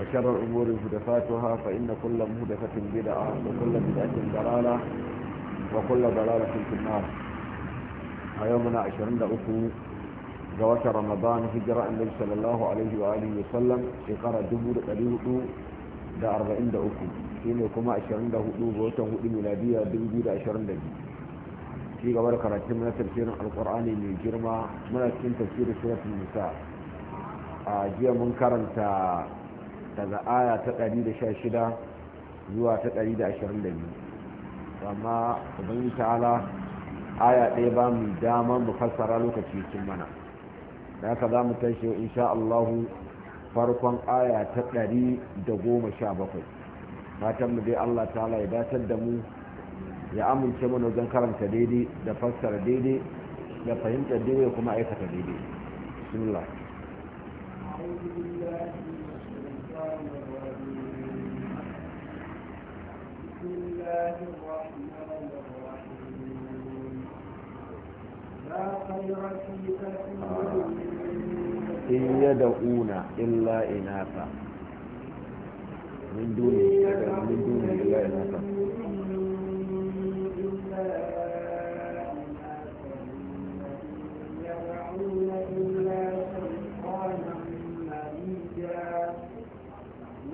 وشر الأمور مهدفاتها فإن كل مهدفة بدعة وكل بدعة ضلالة وكل ضلالة في النار يومنا عشرين دقيقة جوات رمضان هجرة النبي صلى الله عليه وآله وسلم شكرا دبور قليل da 43 shine kuma 24 ga watan hudu miladiya 2022 shi gaba da karatun na tafsirin alkur'ani mai girma muna cikin tafsirin suratul nisa a jiya mun karanta daga aya ta da shida zuwa ta 122 amma abin ta'ala aya ɗaya ba mu dama mu fassara lokaci cin mana da haka za mu tashi insha Allahu farkon aya ta 117 fatan mu dai Allah ta'ala ya datar da mu ya amince mana wajen karanta daidai da fassara daidai da fahimtar daidai kuma aikata daidai bismillah الله الرحمن الرحيم لا خير في كثير إن يدعون إلا إناثا من دون من دون إلا إناثا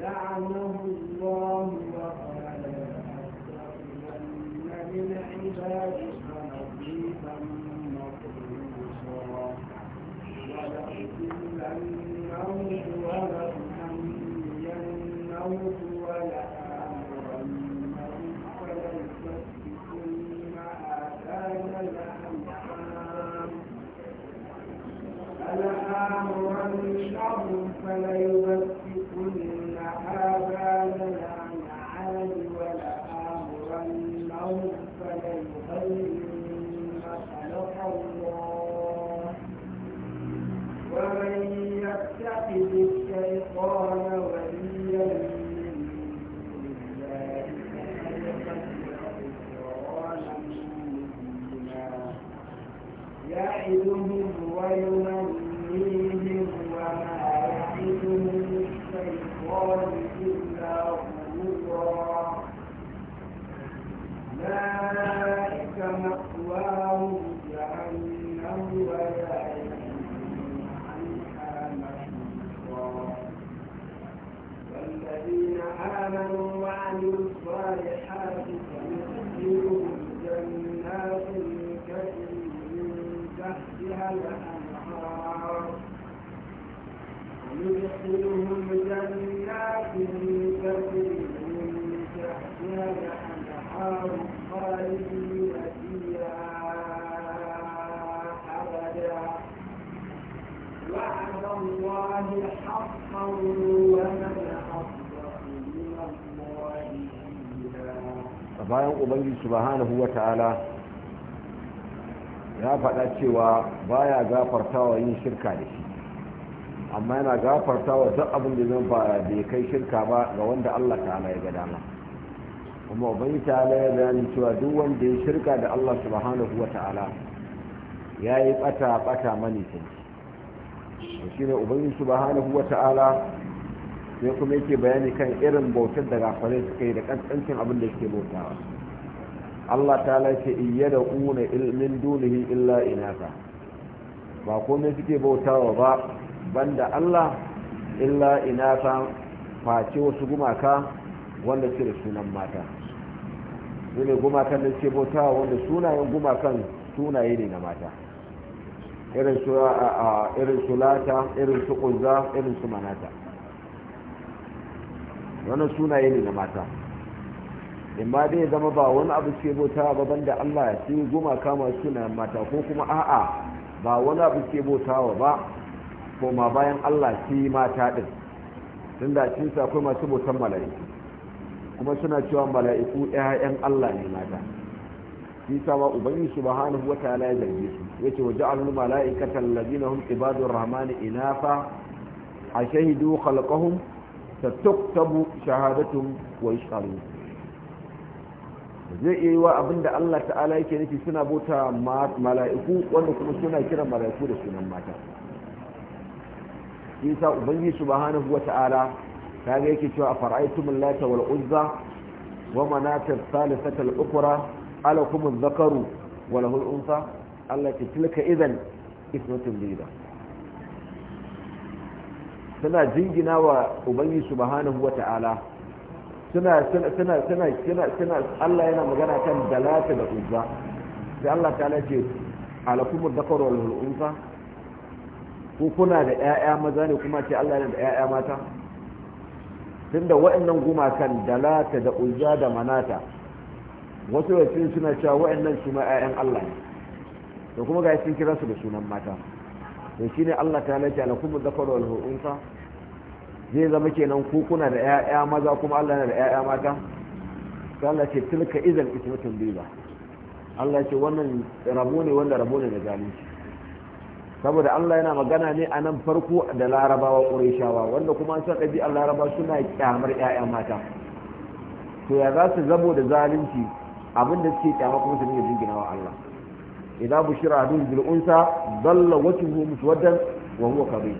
لعنه والذين آمنوا وعملوا الصالحات سندخلهم جنات تجري من تحتها الأنهار وندخلهم جنات تجري من تحتها الأنهار خالدين bayan ubangiji subhanahu wa ta'ala ya faɗa cewa baya gafartawa yin shirka da shi amma yana gafartawa duk abin da zan ba bai kai shirka ba ga wanda Allah ta'ala ya ga dama kuma ubangiji ta'ala ya bayani cewa duk wanda ya shirka da Allah subhanahu wa ta'ala ya yi ɓata-ɓata mani shi ne ubangiji subhanahu wa ta'ala sai kuma yake bayani kan irin bautar da gafarai suka yi da kancancin abin da yake bautawa Allah ta lace iya da ilmin dunihi illa inasa ba komai suke bautawa ba banda Allah illa inasa face wasu gumaka wanda suke da sunan mata su ne gumakan da suke bautawa wanda sunayen gumakan sunaye ne na mata irin su irin su lata irin su kunza irin su manata wannan sunaye ne na mata in ba dai zama ba wani abu ce bauta ba banda Allah ya sai gumaka suna suna mata ko kuma a'a ba wani abu ce bautawa ba ko ma bayan Allah sai mata din tun da cin akwai masu bautan mala'iku kuma suna cewa mala'iku 'ya'yan Allah ne mata shi sa ma ubangi subhanahu wataala ya zarge su Ya yace wa ja'alul malaikata allazina hum ibadur rahmani inafa ashahidu khalqahum satuktabu shahadatun wa yashhadun zai iya yi wa abinda Allah ta'ala yake nufi suna bota mala'iku wanda kuma suna kira mala'iku da sunan mata shi sa ubangi subhanahu wataala kaga yake cewa afara'aytum lata wal uzza wa manata thalithata al-ukhra alakumuz zakaru wa lahul unsa Allah ce tilka idan ismatun lida suna jingina wa ubangi subhanahu wa ta'ala suna suna suna suna suna Allah yana magana kan dalata da uzza sai Allah ta'ala ce alakumuz zakaru wa lahul unsa ko kuna da ƴaƴa maza ne kuma ce Allah yana da ƴaƴa mata tunda waɗannan gumakan dalata da uzza da manata wasu wasu suna cewa wa'annan su ma 'ya'yan Allah ne to kuma ga sun kira su da sunan mata to shine Allah ta lake alakum dhakaru wal unsa zai zama kenan ku kuna da 'ya'ya maza kuma Allah yana da 'ya'ya mata sai Allah ce tilka idan ismatun biba Allah ce wannan rabo ne wanda rabo ne da zalunci saboda Allah yana magana ne a nan farko da larabawa ƙureshawa wanda kuma sun ɗabi'ar larabawa suna kyamar 'ya'ya mata to ya za su zabo da zalunci abin da suke kyama kuma su ne jingina wa Allah idan bushira hadin bil unsa dalla wajhuhu muswaddan wa huwa kadhib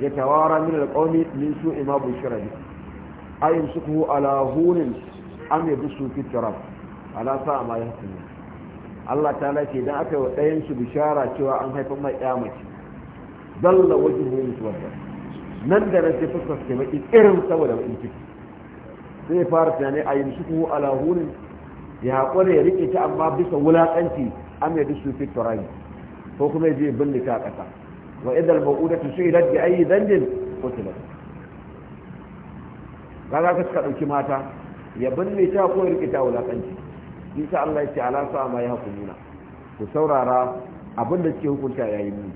yatawara min al qawmi min su'i ma bushira bi ayun sukuhu ala hunin am yabsu fi tarab ala sa ma yahkum Allah ta'ala ce idan aka wa dayan su bishara cewa an haifar mai kyamaci dalla wajhuhu muswaddan nan da nan sai fuskar sai maki irin saboda bakin ciki sai fara tunani ayun sukuhu ala hunin ya haƙura ya riƙe ta amma bisa wulaƙanci am ya dusu fi turabi ko kuma ya je binne ta ƙasa wa idal mawudatu su'ilat bi ayi dhanbin qutilat za ka suka dauki mata ya binne ta ko ya riƙe ta wulaƙanci isa Allah ya ce ala sa ma ya hukumuna ku saurara abin da suke hukunta yayin mu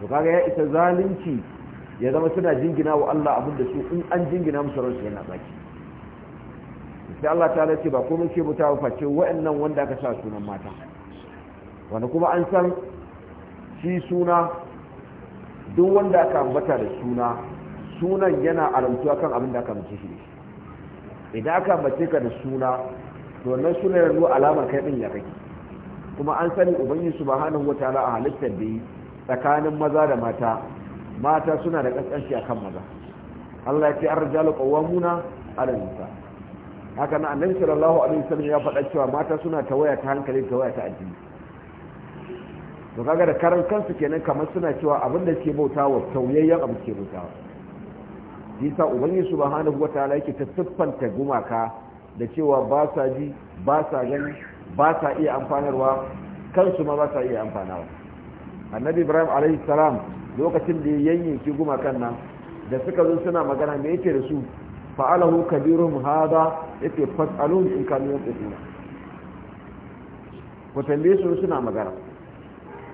to kaga ya isa zalunci ya zama suna jingina wa Allah abin da su in an jingina musu ransu yana baki sai Allah ta ce ba komai ce mutawa face wa'annan wanda aka sa sunan mata wanda kuma an san shi suna duk wanda aka ambata da suna sunan yana alamtuwa kan abin da aka mace shi idan aka mace ka da suna to wannan suna yanzu alamar kai din ya kake kuma an sani ubangiji subhanahu wataala a halittar da yi tsakanin maza da mata mata suna da kaskanci akan maza Allah ya ce arjalu qawwamuna ala nisa haka na annabi sallallahu alaihi wasallam ya faɗa cewa mata suna ta waya ta hankali waya ta addini to kaga da karan kansu kenan kamar suna cewa abin da ke wa tauyayyen abu ke bautawa yasa ubangi subhanahu wataala yake ta siffanta gumaka da cewa ba sa ji ba sa gani ba sa iya amfanarwa kansu ma ba sa iya amfanawa annabi ibrahim alaihi salam lokacin da ya yanyanki gumakan nan da suka zo suna magana me yake da su fa'alahu kabirum hada yake fas'alun in kanu yaquluna ko tambaye su suna magana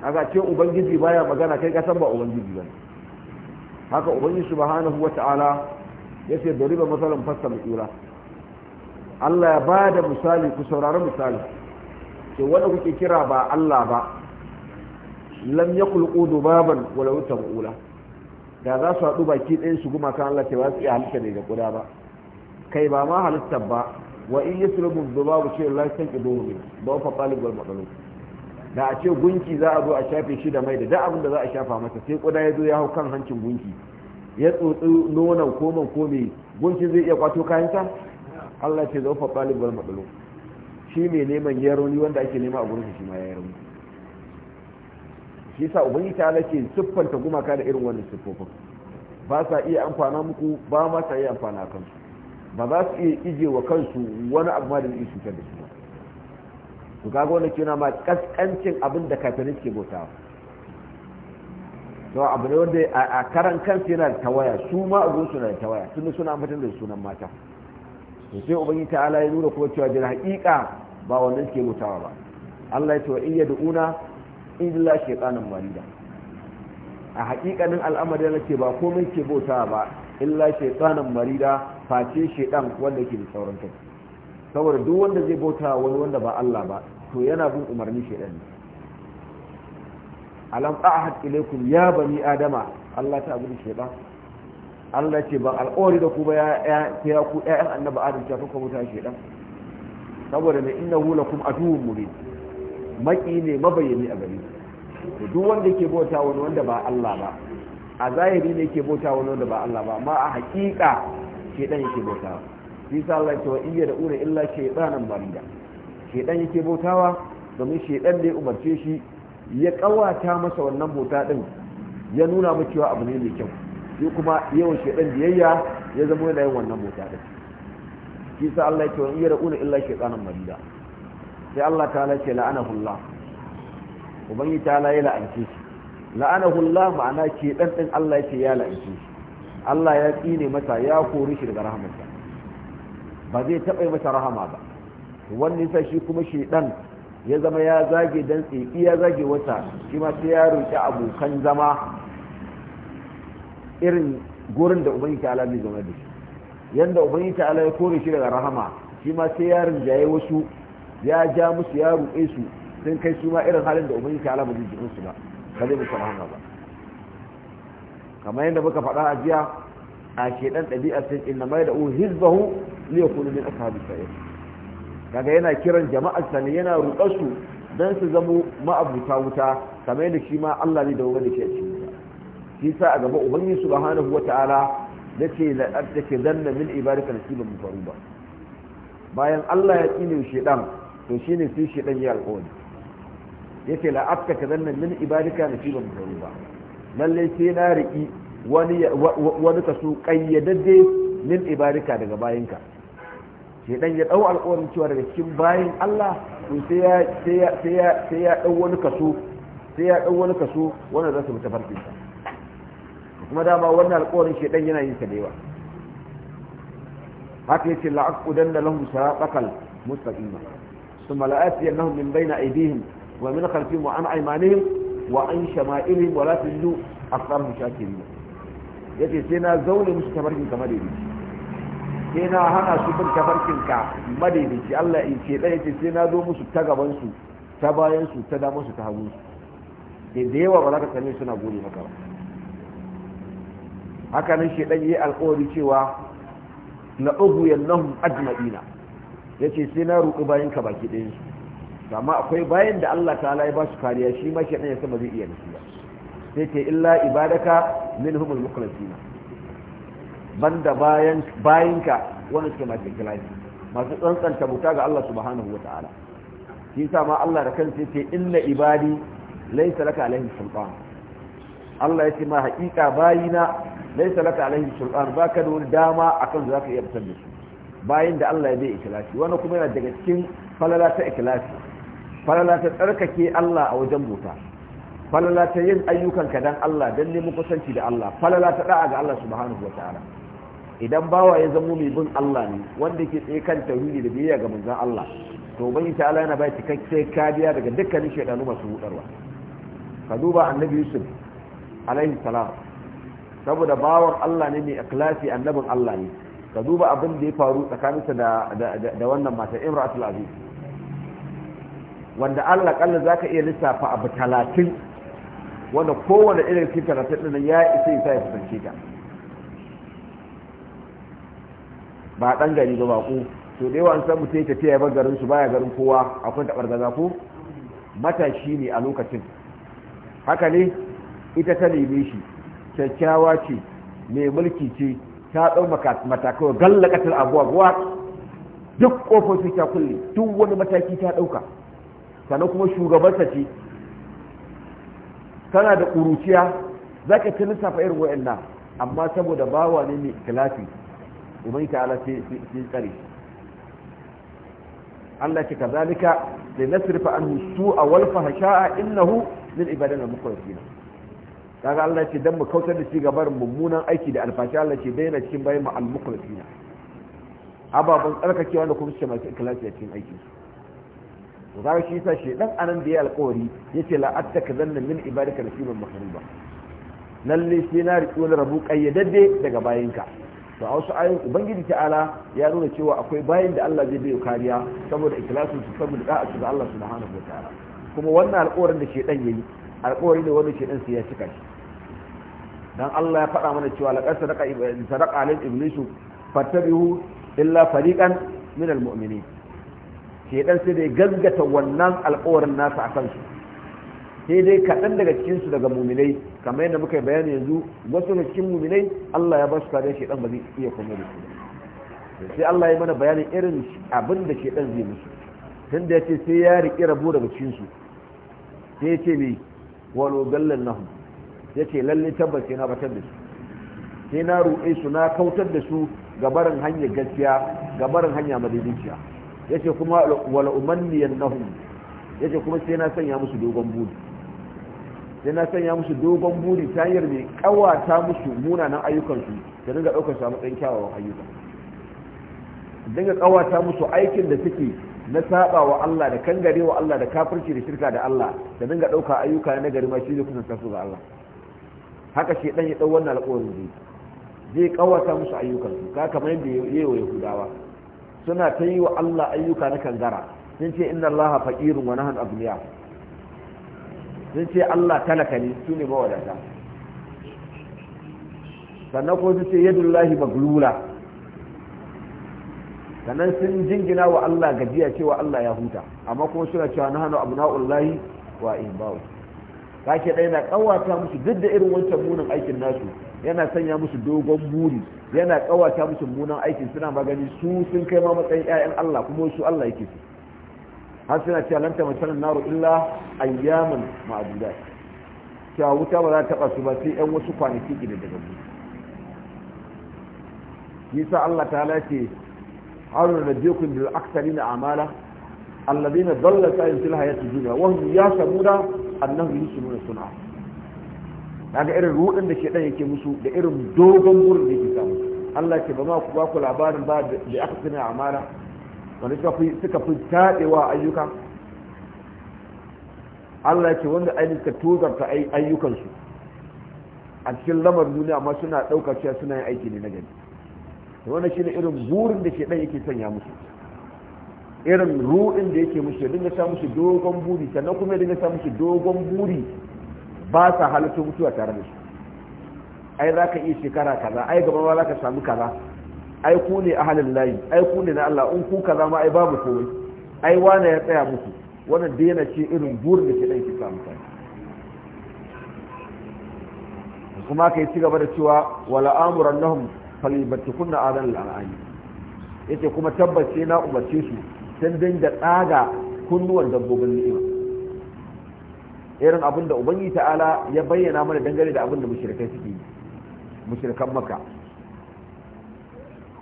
A ga ce ubangiji baya magana kai kasan ba ubangiji ba haka ubangiji su ta'ala, ya ce yace dariba masalan fasta matsura Allah ya bada misali ku saurari misali ke wanda kuke kira ba Allah ba lam yakhluqu dubaban wala yutabula da za su haɗu baki ɗaya su guma kan Allah ce ba su iya halitta daga guda ba kai ba ma halitta ba wa in yi sulubu zuba ku ce Allah san ido ne ba fa gwal maqlub da a ce gunki za a zo a shafe shi da mai da da abin da za a shafa masa sai kuda ya zo ya hau kan hancin gunki ya tsotsi nonon ko man ko me zai iya kwato kayan Allah ce zo fa gwal maqlub shi ne neman yaroni wanda ake nema a gurin shi ma yaroni shi sa ubangi ta ke siffanta gumaka da irin wannan siffofin ba sa iya amfana muku ba ma sa iya amfana kansu ba za su iya ije wa kansu wani abu ma da zai cutar da su ba to kaga wannan kina ma kaskancin abin da kafin ke bautawa to abu ne wanda a karan kansu yana da tawaya su ma a suna da tawaya tun suna amfatan da sunan mata to sai ta ala ya nuna kuma cewa da haƙiƙa ba wannan ke bautawa ba Allah ya ce wa in una illa tsanan marida a hakikanin al'amari da ce ba komai ke bauta ba illa tsanan marida face shaytan wanda ke da sauran kai saboda duk wanda zai bauta wani wanda ba Allah ba to yana bin umarni shaytan ne alam ahad ilaikum ya bani adama Allah ta abu da Allah ce ba alƙawari da ku ba ya ya ku ya annabi adam ta fuka mutane shaytan saboda ne innahu lakum aduwwun mubin maki ne mabayyani a gari duk wanda ke bauta wani wanda ba Allah ba a zahiri ne ke bauta wani wanda ba Allah ba amma a hakika dan yake bauta shi sa Allah ke iya da ura illa shedanan ke dan yake bautawa domin da ne umarce shi ya kawata masa wannan bauta din ya nuna mu cewa abu ne mai kyau shi kuma yawan shedan biyayya ya zama yana yin wannan bauta din shi sa Allah ya cewa iya da ura illa shedanan marida. sai Allah ta'ala ce la'anahullah ubangi ta'ala ya la'anci shi la'anahullah ma'ana ke dan din Allah ce ya la'anci shi Allah ya tsine masa ya kori shi daga rahamarsa ba zai taɓa masa rahama ba wannan sai shi kuma shedan ya zama ya zage dan tsiki ya zage wata shi ma sai ya roki abokan zama irin gurin da ubangi ala zai zama da shi yanda ubangi ala ya kore shi daga rahama shi ma sai ya rinjaye wasu ya ja musu ya ruɗe su sun kai su ma irin halin da ubangiji ta'ala ba jikin su ba ba zai musu rahama ba kamar yadda muka faɗa a jiya a shedan ɗabi'a sun inna mai da u hizbahu li yakunu min ashabi sa'ir kaga yana kiran jama'ar sa ne yana ruɗa su don su zamo ma'abuta wuta kamar yadda shi ma Allah ne da wani ke cikin shi sa a gaba ubangiji subhanahu ke da ke attakidanna min ibadika nasiban ba. bayan Allah ya tsine ɗan to shine sai shi dan yi alƙawari yace la kadan kadanna min ibadika nasiban ba lalle sai na riki wani wani kaso kayyadadde min ibadika daga bayinka sai dan ya dau alƙawarin cewa daga cikin bayin Allah to sai ya sai ya sai ya dau wani kaso sai ya dau wani kaso wanda za su bi tafarkin sa kuma dama wannan alƙawarin shedan yana yin sa da yawa haka yace la'aqudanna lahum siraqal mustaqima ثم لآتينهم من بين أيديهم ومن خلفهم وعن أيمانهم وعن شمائلهم ولا تجدوا أكثرهم شاكرين yace sai na zaune musu tabarkin ka sai na hana su bin tabarkin ka Allah in ce ɗaya ce sai na zo musu ta gaban su ta bayan su ta ta hagu su yawa ba za ka suna gode maka ba haka nan shedan yi alƙawari cewa la ughwiyannahum ajma'ina ya ce sai na roƙi bayan ka baki ɗayan su amma akwai bayan da Allah ta'ala ya ba su kariya shi ma shi ya sama zai iya nufi sai ce illa ibadaka min humul mukhlasina banda bayan bayanka wani suke masu ikhlasi masu tsantsanta bauta ga Allah subhanahu wa ta'ala shi sa ma Allah da kan kansa yace inna ibadi laysa laka alaihi sultan Allah ya ce ma haƙiƙa bayina laysa laka alaihi ba ka da wani dama akan za ka iya fitar da su bayan da Allah ya bai ikhlasi wani kuma yana daga cikin falala ta ikhlasi falala ta tsarkake Allah a wajen bota falala ta yin ayyukan ka dan Allah dan neman kusanci da Allah falala ta da'a ga Allah subhanahu wataala idan bawa ya zamo mai bin Allah ne wanda ke tsaye kan tauhidi da biyayya ga manzon Allah to ubangi ta Allah yana bai cikakke kariya daga dukkanin shaydanu masu hudarwa ka duba annabi Yusuf alaihi salam saboda bawan Allah ne mai ikhlasi annabin Allah ne ka duba abin da ya faru tsakaninsa da wannan mata imratul aziz wanda Allah kalla ka iya lissafa abu talatin wanda kowane irin cikin talatin ɗin ya isa isa ya fusance ta ba ɗan gari ba baƙo to da yawa san mutum ya tafiya ya bar garin su baya garin kowa akwai taɓar gaza ko matashi ne a lokacin haka ne ita ta neme shi kyakkyawa ce mai mulki ce ta ɗau matakai gallakatar abuwa ruwa duk ƙofofin ta kulle duk wani mataki ta ɗauka sannan kuma shugabarsa ce tana da ƙuruciya za ka ci lissafa irin wa'annan amma saboda bawa ne mai kilafi ta ala sai tsare Allah ce ka zalika da nasirfa an su a walfa hasha'a innahu lil ibadan al-mukhlasin kaga Allah ce dan mu kautar da shi gabar mummunan aiki da alfashi Allah ce daina cikin bayan mu al-mukhlasina ababan tsarkakewa da kuma ce masu ikhlasi a cikin aikin su to kaga shi yasa shi dan anan da ya alƙawari yace la zanna min ibadika nasiban mahruba lalle sai na riƙo wani rabu dade daga bayinka to a wasu ayoyin ubangiji ta'ala ya nuna cewa akwai bayin da Allah zai bayo kariya saboda ikhlasin su saboda da'a su ga Allah subhanahu wa ta'ala kuma wannan alƙawarin da shedan yayi alƙawari ne wani shi ɗansu ya cika shi don Allah ya faɗa mana cewa laƙar sadaka alin iblisu fattabihu illa fariƙan min almu'mini shi ɗan sai dai gaggata wannan alƙawarin nasa a kansu sai dai kaɗan daga cikinsu daga muminai kamar yadda muka bayani yanzu wasu daga cikin muminai Allah ya ba su kare shi ɗan ba zai iya kuma da su sai Allah ya mana bayanin irin abin da shi zai musu tun da ya ce sai ya riƙi rabo daga cikinsu sai ya ce walau dallan nahu ya ce lalle tabbace na batar da su sai na ruɗe su na kautar da su ga barin hanyar gaskiya ga barin hanya madaidaiciya ya ce kuma wala umanniyan nahu ya ce kuma sai na sanya musu dogon buri sai na sanya musu dogon buri ta hanyar mai kawata musu munanan ayyukansu da dinga ɗaukar su a matsayin kyawawan ayyuka dinga kawata musu aikin da suke na saba wa Allah da kangare wa Allah da kafirci da shirka da Allah da dinga ɗauka ayyuka na gari ma shi ne kusan su ga Allah haka shi dan ya dau wannan alƙawarin zai zai kawata musu ayyukansu ka kamar yadda ya yi wa yahudawa suna ta yi wa Allah ayyuka na kangara sun ce inna Allah faqirun wa nahnu abliya sun ce Allah talaka ne su ne mawadata sannan ko su ce yadullahi maglula sannan sun jingina wa Allah gajiya cewa Allah ya huta amma kuma suna cewa na hannu abu na'ullahi wa imbawu kake ɗaya na ƙawata musu duk da irin wancan munin aikin nasu yana sanya musu dogon buri yana ƙawata musu munan aikin suna magani su sun kai ma matsayin 'ya'yan Allah kuma su Allah yake su har suna cewa lanta masanin naru illa ayyaman ma'adudat cewa wuta ba za ta taɓa ba sai ƴan wasu kwanaki gida daga mu sa Allah ta ce haru na biyukun bil aksari na amala alladina dalla sa'in fil hayati dunya wa hum yasamuna annahu yusmuna sun'a daga irin rudin da shedan yake musu da irin dogon burin da yake samu Allah ke ba ma ku ba ku ba da wani suka fi ayyuka Allah ce wanda ainihin ka tozarta ayyukansu a cikin lamar duniya amma suna ɗauka cewa suna yin aiki ne na gani wannan ne irin burin da ke ɗan yake sanya musu irin ruɗin da yake musu dinga sa musu dogon buri sannan kuma dinga sa musu dogon buri ba sa halittu mutuwa tare da su ai za ka iya shekara kaza ai gaba ma za ka samu kaza ai ku ne ahalin layi ai ku ne na Allah in ku kaza ma ai babu komai ai wane ya tsaya musu wannan daina ce irin burin da ke ɗan sa mutane kuma ka yi ci gaba da cewa wala amuran nahum falibatu kunna adan al'ani yace kuma tabbace na umarce su sun dinga tsaga kunnuwan dabbobin ni'ima irin abin da ubangi ta'ala ya bayyana mana dangane da abin da mushrikai suke yi mushrikan makka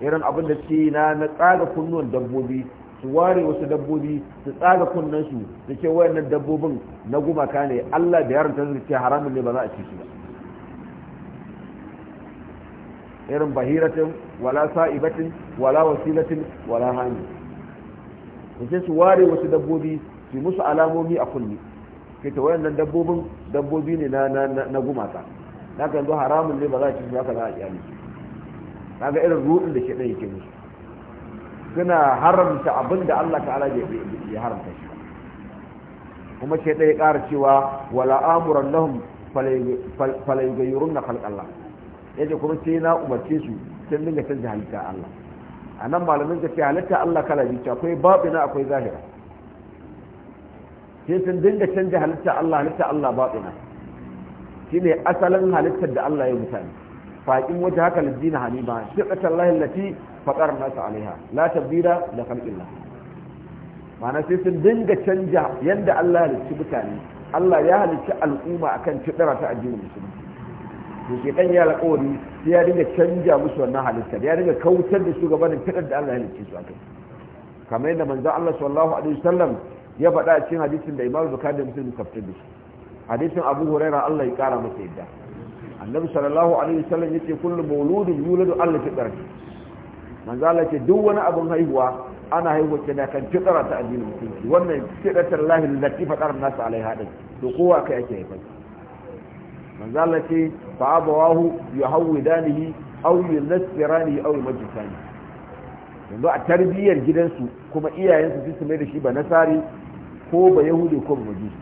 irin abin da suke na na tsaga kunnuwan dabbobi su ware wasu dabbobi su tsaga kunnan su ce wayannan dabbobin na gumaka ne Allah da yaranta su cewa haramun ne ba za a ci su ba irin bahiratin wala sa'ibatin wala wasilatin wala hani sai su ware wasu dabbobi su musu alamomi a kulli kai ta wayannan dabbobin dabbobi ne na gumata gumaka na kan zo haramun ne ba za ci haka za a iyali ga irin ruɗin da shi ɗaya yake musu suna haramta abin da Allah ta'ala ya haramta shi kuma shi ɗaya ƙara cewa wala amuran lahum falaygayyurun na khalqallah ya kuma sai na umarce su sun dinga canza halitta Allah a nan malamin ka ce halitta Allah kala biyu akwai babina akwai zahira sai sun dinga canza halitta Allah halitta Allah babina ne asalin halittar da Allah ya mutane faƙin wata haka lijina halima shiƙatar lahin lati faƙar nasa alaiha la tabbira da kalƙillah ma'ana sai sun dinga canja yadda Allah ya halitta mutane Allah ya halitta al'umma akan fiɗira ta addinin musulmi to ɗan ya alƙawari sai ya dinga canja musu wannan halittar ya dinga kautar da su gabanin fitar da Allah ya halicce su akai kamar yadda manzo Allah sallallahu alaihi wasallam ya faɗa a cikin hadisin da Imam Bukhari da Muslim suka fitar da shi hadisin Abu Huraira Allah ya kara masa yadda Annabi sallallahu alaihi wasallam yace kullu mawludin yuladu Allah fitrati manzo Allah ce duk wani abin haihuwa ana haihuwa ce da kan fitra ta addinin musulunci wannan fitratul lahi lati fatara nasu alaiha din to kowa kai ake haifa manzala ce fa abawahu yuhawidanihi aw yunasirani aw yumajisani yanzu a tarbiyyar gidansu kuma iyayensu su su mai da shi ba nasari ko ba yahudi ko ba majusi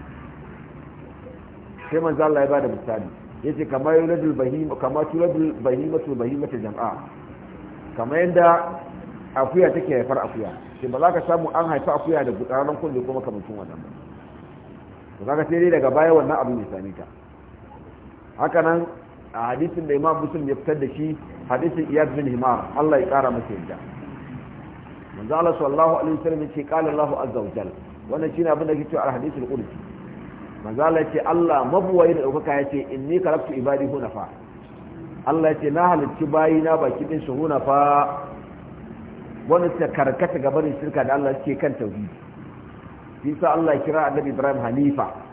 sai manzo Allah ya bada misali yace kamar yuladul bahima kamar tuladul bahimatu bahimatu jam'a kamar yanda akuya take haifar akuya sai ba za ka samu an haifa akuya da gudanar kunne kuma kamar tun wannan ba za ka sai dai daga baya wannan abin ya same ta haka nan a hadisin da imam muslim ya fitar da shi hadisin iyad bin himar Allah ya kara masa yadda manzo Allah sallallahu alaihi wasallam yace qala Allahu azza wa jalla wannan shine abin da yake cewa al-hadisul qudsi manzo Allah yace Allah mabuwayi da daukaka yace inni karabtu ibadi hunafa Allah yace na halicci bayi na baki din su hunafa wanda ta karkata gaban shirka da Allah yake kan tauhidi bisa Allah ya kira annabi Ibrahim hanifa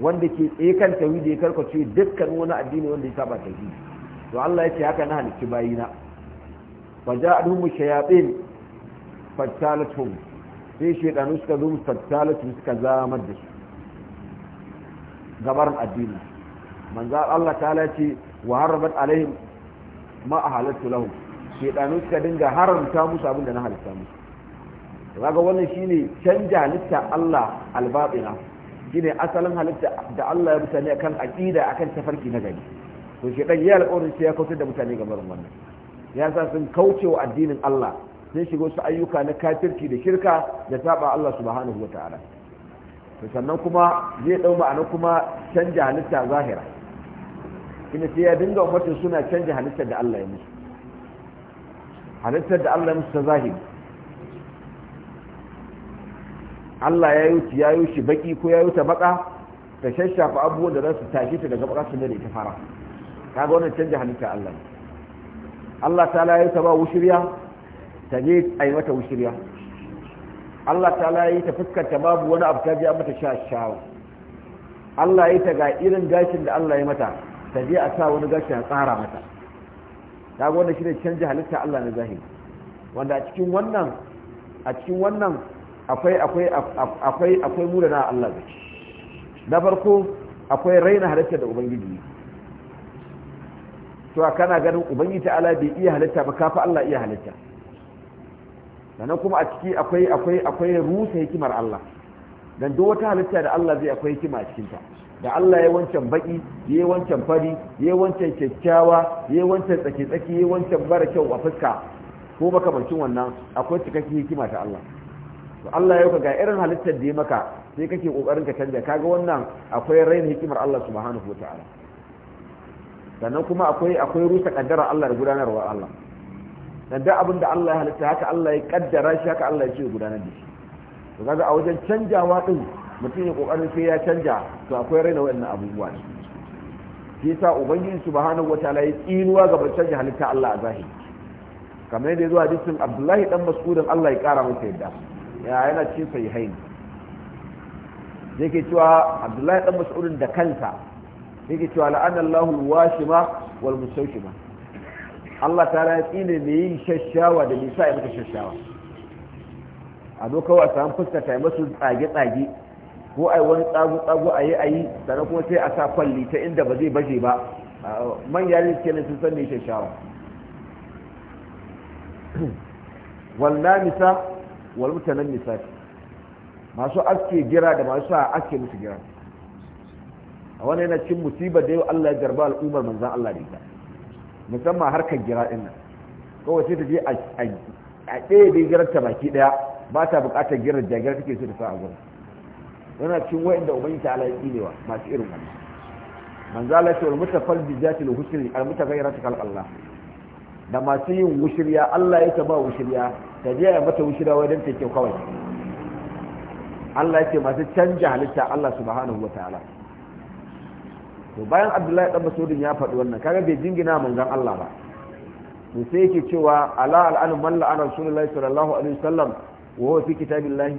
wanda ke tsaye kan da ya karkace dukkan wani addini wanda ya saba yi to Allah ya ce haka na halicci bayina fa ja'aluhum shayatin fatalathum sai shaytanu suka zo fatalathum suka zamar da su gabar addini manzo Allah ta'ala ce wa harabat alaihim ma ahalatu lahum shaytanu suka dinga haramta musu abin da na halitta musu kaga wannan shine canja halitta Allah albabina shine asalin halitta da Allah ya mutane akan aqida akan tafarki na gari to ɗan ya alƙawarin ya kautar da mutane ga barin wannan ya sa sun kaucewa addinin Allah sai shigo su ayyuka na kafirci da shirka da saba Allah subhanahu wataala to sannan kuma zai dau ma'ana kuma canja halitta zahira ina sai ya dinga wata suna canja halittar da Allah ya musu halittar da Allah ya musu ta zahiri Allah ya yi shi baki ko ya yi ta baka ta shashafa abubuwan da za su tashi ta daga baka su ne da ita fara kaga wannan canja halitta Allah ne Allah ta la yi ta ba wushiriya ta je a yi mata wushiriya Allah ta la yi ta fuskanta babu wani abu ta je a mata shashawa Allah ya yi ta ga irin gashin da Allah ya mata ta je a sa wani gashi a tsara mata kaga wannan ne canja halitta Allah na zahiri wanda a cikin wannan a cikin wannan akwai akwai akwai akwai Allah zai na farko akwai raina halitta da ubangiji to kana ganin ubangiji ala bai iya halitta ba kafa Allah iya halitta sannan kuma a ciki akwai akwai akwai rusa hikimar Allah dan duk wata halitta da Allah zai akwai hikima a cikin ta da Allah ya wancan baki ya wancan fari ya wancan kyakkyawa ya wancan tsaki tsaki ya wancan bara kyau a fuska ko makamancin wannan akwai cikakken hikima ta Allah to Allah ya yauka ga irin halittar da ya maka sai kake kokarin ka canja kaga wannan akwai rain hikimar Allah subhanahu wataala sannan kuma akwai akwai rusa kaddara Allah da gudanarwa Allah dan da abin da Allah ya halitta haka Allah ya kaddara shi haka Allah ya ce gudanar da shi to kaga a wajen canjawa din mutum ya kokarin sai ya canja to akwai raina wannan abubuwa ne shi yasa ubangiji subhanahu wataala ya tsinuwa ga bar canja halitta Allah a zahiri kamar yadda ya zo hadisin Abdullahi dan Mas'udin Allah ya kara masa yadda ya yana cikin sahihain yake cewa abdullahi dan mas'udin da kansa yake cewa la'ana Allahu al-washima wal mustawshima Allah ta'ala ya tsine ne yin shashawa da nisa ya mata shashawa a doka wa san fuska ta masu tsage-tsage ko ai wani tsago-tsago a yi a yi sannan kuma sai a sa kwalli ta inda ba zai baje ba manya ne ke sun san ne shashawa wannan nisa wal mutanen misali masu aske gira da masu sa aske musu gira a wani yana cin musibar da yau Allah ya garba al'ummar manzan Allah da ita musamman harkar gira din nan kawai sai ta je a ɗaya da girar ta baki ɗaya ba ta buƙatar girar jagirar take so ta sa a gurin yana cin wa'inda ubangi ta alaƙi tsinewa masu irin wannan Manzan Allah ce wal mutafal bi zati al husri al mutaghayyirat kal Allah da masu yin wushirya Allah ya ba wushirya ta je ya mata wushira wai don take kawai Allah ce masu canja halitta Allah subhanahu wa ta'ala to bayan Abdullahi dan Masudin ya faɗi wannan kaga bai jingina manzon Allah ba to sai yake cewa ala al'an man la'ana rasulullahi sallallahu alaihi wasallam wa huwa fi kitabillahi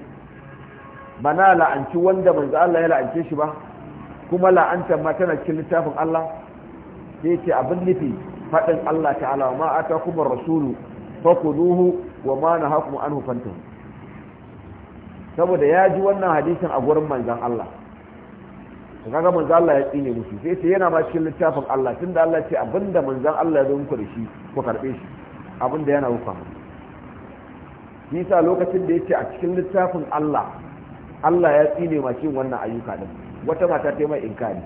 bana la'anci wanda manzo Allah ya la'ance shi ba kuma la'anta ma tana cikin littafin Allah sai ce abin nufi faɗin Allah ta'ala ma kuma rasulu fakuduhu wa ma nahakum anhu fantahu saboda ya ji wannan hadisin a gurin manzon Allah to kaga manzon Allah ya tsine musu sai sai yana ba cikin littafin Allah tunda Allah ce abinda manzon Allah ya zo muku da shi ku karbe shi abinda yana muku sa lokacin da ce a cikin littafin Allah Allah ya tsine ma cikin wannan ayyuka din wata mata ta mai inkari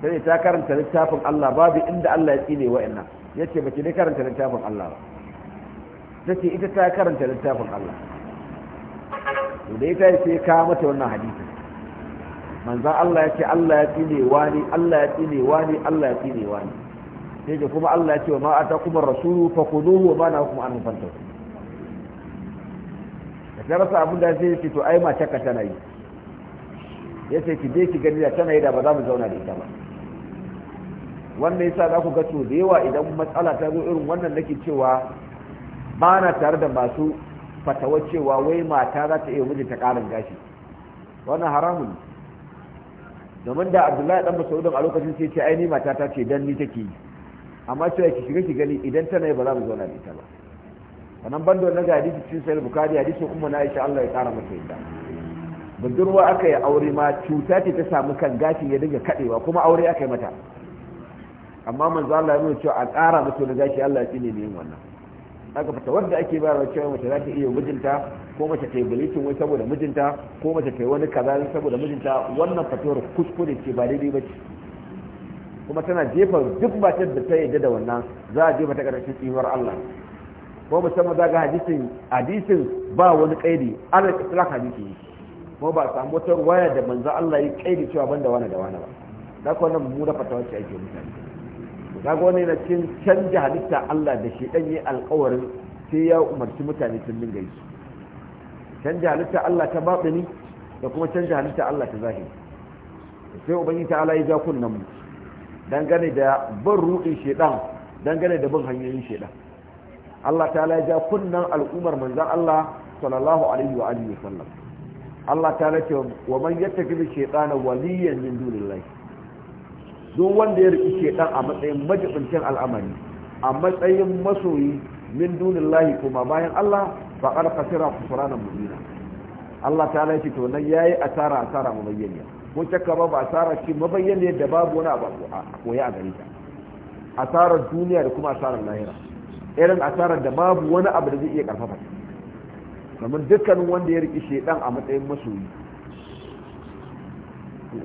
sai ta karanta littafin Allah babu inda Allah ya tsine wa'annan yace baki ne karanta littafin Allah ba ta ce ita ta karanta littafin Allah to dai ta ce ka mata wannan hadisi manzan Allah ya ce Allah ya tsine wani Allah ya tsine wani Allah ya tsine wani sai da kuma Allah ya ce ma ata kuma rasulu fa kuduhu wa ma kuma an fanta da ta rasa abin da zai ce to ai ma caka tana yi ya ce ki je ki gani da tana yi da ba za mu zauna da ita ba wannan yasa za ku ga to da yawa idan matsala ta zo irin wannan nake cewa ba na tare da masu fatawa cewa wai mata za ta iya mijinta ƙarin gashi wannan haramun domin da abdullahi dan masaudin a lokacin sai ce aini mata ta ce dan ni take yi amma cewa ki shiga ki gani idan tana yi ba za mu zauna da ita ba sannan bando na ga hadisi cikin sahih bukhari hadisi umma na aisha Allah ya kara masa yadda budurwa aka yi aure ma cuta ce ta samu kan gashi ya dinga kadewa kuma aure aka yi mata amma manzo Allah ya nuna cewa a kara masa na gashi Allah ya tsine ne yin wannan aka fata wadda ake ba da cewa mace za ta iya mijinta ko mace ta yi bulitin wai saboda mijinta ko mace ta yi wani kaza saboda mijinta wannan fatawar kuskure ce ba daidai ba ce kuma tana jefa duk matar da ta yi da wannan za a jefa ta karshen tsimar Allah ko musamman za ga hadisin hadisin ba wani kaidi ala itlaq hadisi ne ko ba samu wata waya da manzo Allah ya kaidi cewa banda wani da wani ba da nan mu da fatawa ce ake mutane kaga wani na cin canja halitta Allah da shi dan yi alƙawarin sai ya umarci mutane sun dinga yi canja halitta Allah ta batini da kuma canja halitta Allah ta zahiri sai ta ala ya ja kunnen mu dangane da bin ruɗin shaiɗan, dangane da bin hanyoyin shaiɗan. Allah ta ta'ala ya ja kunnan al'ummar manzan Allah sallallahu alaihi wa alihi wa sallam Allah ta ala ce wa man yattaki bi shaytana waliyan min dunillahi duk wanda ya rikice dan a matsayin majibincin al'amari a matsayin masoyi min dunillahi kuma bayan Allah ba karkasira kusurana mubina Allah ta laifi to nan yayi asara asara bayyane ko cakka ba asara ce mabayyaniya da babu wani abu a koya a gari ta asarar duniya da kuma asarar lahira irin asarar da babu wani abu da zai iya karfafa kamar dukkanin wanda ya rikice dan a matsayin masoyi